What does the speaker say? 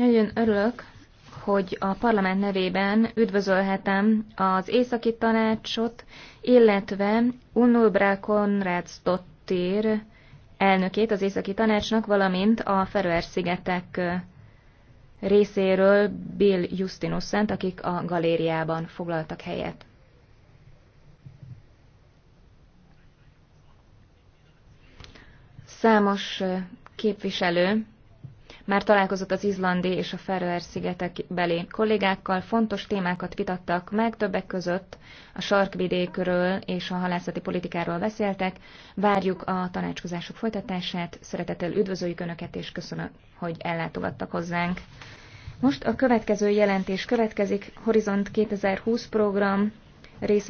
Nagyon örülök, hogy a parlament nevében üdvözölhetem az északi tanácsot, illetve Unulbra Konrad Stottir elnökét az északi tanácsnak, valamint a Feröer-szigetek részéről Bill Szent, akik a galériában foglaltak helyet. Számos képviselő már találkozott az izlandi és a Feröer-szigetek belé kollégákkal, fontos témákat vitattak meg, többek között a sarkvidékről és a halászati politikáról beszéltek. Várjuk a tanácskozások folytatását, szeretettel üdvözöljük Önöket, és köszönöm, hogy ellátogattak hozzánk. Most a következő jelentés következik, Horizont 2020 program rész